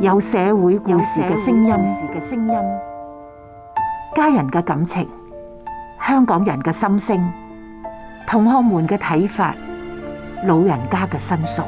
有社會故事嘅聲音，家人嘅感情，香港人嘅心聲，同學們嘅睇法，老人家嘅申訴，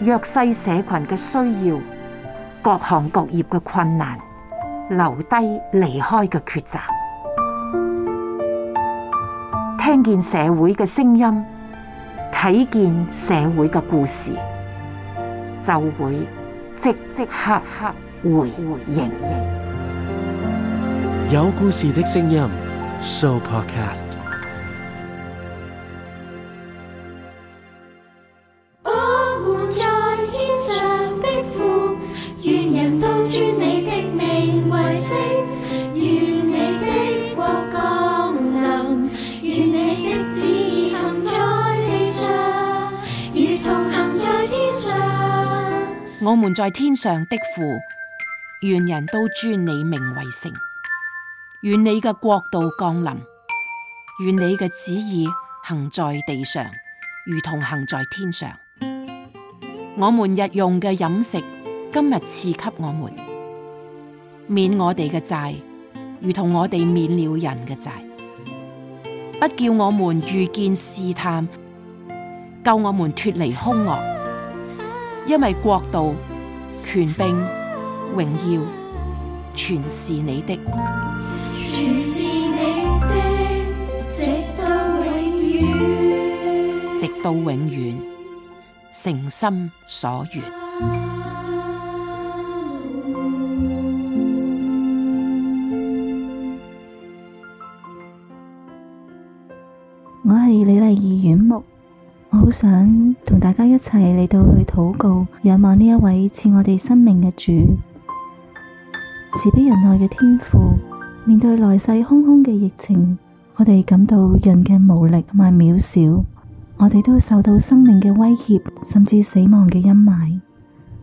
弱勢社群嘅需要，各行各業嘅困難，留低離開嘅抉擇，聽見社會嘅聲音，睇見社會嘅故事，就會。即即刻刻回回應，有故事的聲音，Show Podcast。我們在天上的父，願人都尊你名為聖。願你嘅國度降臨，願你嘅旨意行在地上，如同行在天上。我們日用嘅飲食，今日賜給我們，免我哋嘅債，如同我哋免了人嘅債，不叫我們遇見試探，救我們脫離兇惡。因為國度、權柄、榮耀，全是你的，全是你的，直到永遠，直到永遠，誠心所願。我係李麗二院牧。我好想同大家一齊嚟到去禱告，仰望呢一位賜我哋生命嘅主，慈悲人愛嘅天父。面對來勢洶洶嘅疫情，我哋感到人嘅無力同埋渺小，我哋都受到生命嘅威脅，甚至死亡嘅陰霾。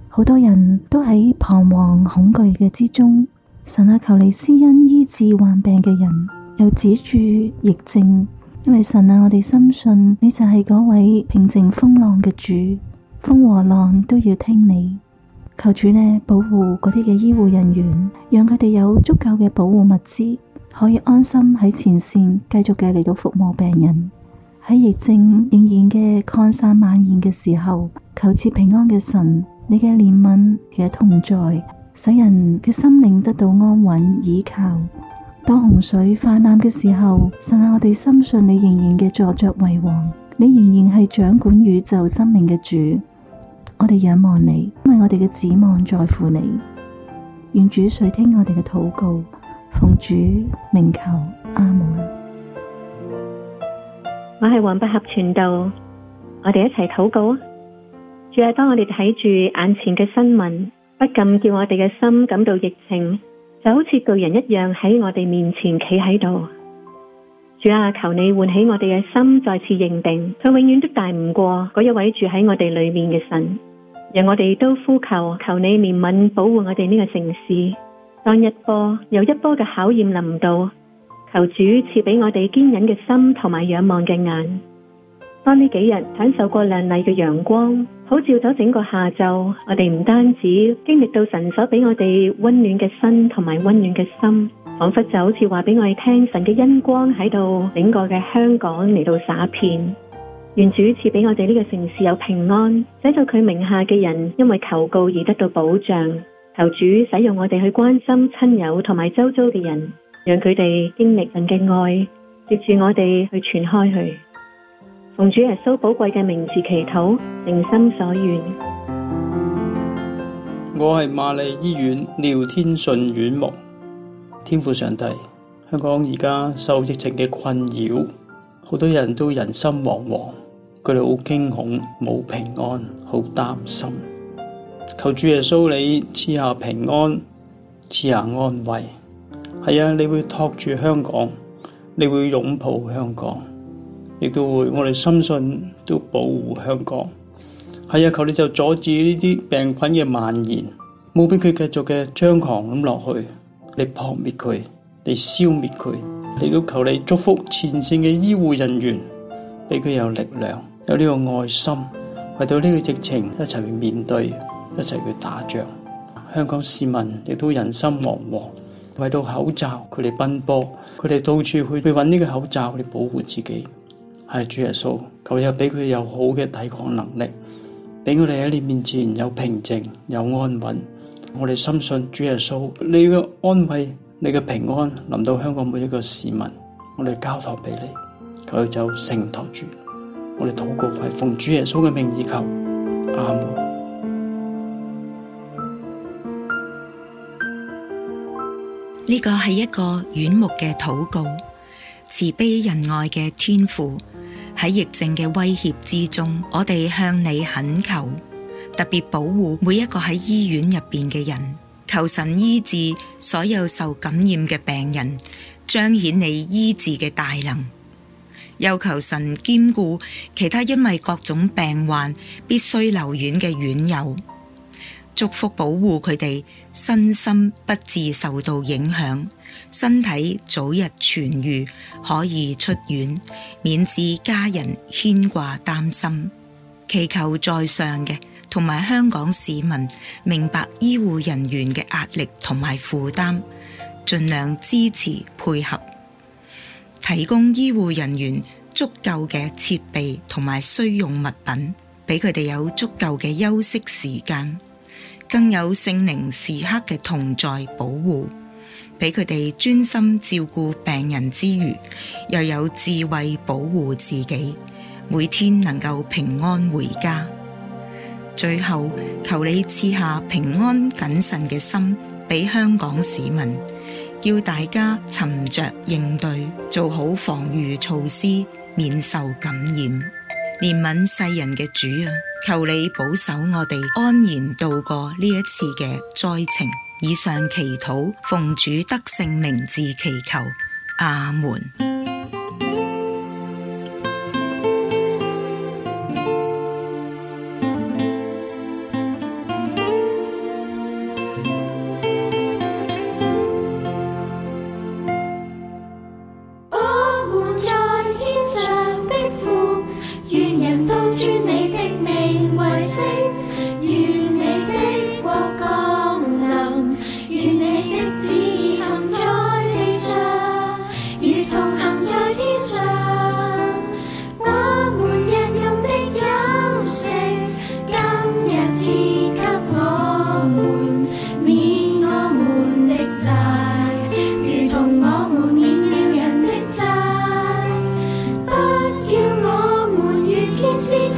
好多人都喺彷徨恐懼嘅之中，神啊，求你施恩醫治患病嘅人，又止住疫症。因為神啊，我哋深信你就係嗰位平靜風浪嘅主，風和浪都要聽你。求主呢保護嗰啲嘅醫護人員，讓佢哋有足夠嘅保護物資，可以安心喺前線繼續嘅嚟到服務病人。喺疫症仍然嘅擴散蔓延嘅時候，求賜平安嘅神，你嘅憐憫你嘅同在，使人嘅心靈得到安穩倚靠。當洪水泛濫嘅時候，神下我哋深信你仍然嘅坐著為王，你仍然係掌管宇宙生命嘅主。我哋仰望你，因為我哋嘅指望在乎你。願主垂聽我哋嘅禱告，奉主名求阿門。我係黃百合傳道，我哋一齊禱告啊！主要當我哋睇住眼前嘅新聞，不禁叫我哋嘅心感到疫情，就好似巨人一樣，喺我哋面前企喺度，主啊，求你喚起我哋嘅心，再次認定佢永遠都大唔過嗰一位住喺我哋裏面嘅神。讓我哋都呼求，求你憐憫保護我哋呢個城市。當一波又一波嘅考驗臨到，求主賜畀我哋堅忍嘅心同埋仰望嘅眼。當呢幾日享受過亮麗嘅陽光，普照咗整個下晝，我哋唔單止經歷到神所俾我哋溫暖嘅身同埋溫暖嘅心，仿佛就好似話俾我哋聽神嘅恩光喺度整個嘅香港嚟到灑遍。願主賜俾我哋呢個城市有平安，使到佢名下嘅人因為求告而得到保障。求主使用我哋去關心親友同埋周遭嘅人，讓佢哋經歷神嘅愛，接住我哋去傳開去。奉主耶穌寶貴嘅名字祈禱，誠心所願。我係瑪麗醫院廖天順院牧，天父上帝，香港而家受疫情嘅困擾，好多人都人心惶惶，佢哋好驚恐，冇平安，好擔心。求主耶穌你賜下平安，賜下安慰。係啊，你會托住香港，你會擁抱香港。亦都會，我哋深信都保護香港。係啊，求你就阻止呢啲病菌嘅蔓延，冇俾佢繼續嘅猖狂咁落去。你撲滅佢，你消滅佢。亦都求你祝福前線嘅醫護人員，俾佢有力量，有呢個愛心，為到呢個疫情一齊去面對，一齊去打仗。香港市民亦都人心惶惶，為到口罩佢哋奔波，佢哋到處去去搵呢個口罩嚟保護自己。係主耶穌，求你俾佢有好嘅抵抗能力，俾我哋喺你面前有平靜、有安穩。我哋深信主耶穌，你嘅安慰、你嘅平安臨到香港每一個市民。我哋交託俾你，佢就承托住。我哋禱告係奉主耶穌嘅名以求，阿門。呢個係一個軟木嘅禱告。慈悲仁愛嘅天父，喺疫症嘅威脅之中，我哋向你懇求，特別保護每一個喺醫院入邊嘅人，求神醫治所有受感染嘅病人，彰顯你醫治嘅大能，又求神兼顧其他因為各種病患必須留院嘅院友。祝福保護佢哋身心不致受到影響，身體早日痊癒，可以出院，免致家人牽掛擔心。祈求在上嘅同埋香港市民明白醫護人員嘅壓力同埋負擔，盡量支持配合，提供醫護人員足夠嘅設備同埋需用物品，俾佢哋有足夠嘅休息時間。更有聖靈時刻嘅同在保護，俾佢哋專心照顧病人之餘，又有智慧保護自己，每天能夠平安回家。最後，求你賜下平安謹慎嘅心俾香港市民，叫大家沉着應對，做好防禦措施，免受感染。憐憫世人嘅主啊，求你保守我哋安然度過呢一次嘅災情。以上祈禱，奉主得勝名字祈求，阿門。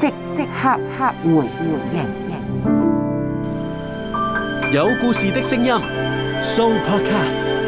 即即刻刻回回應有故事的聲音，Show Podcast。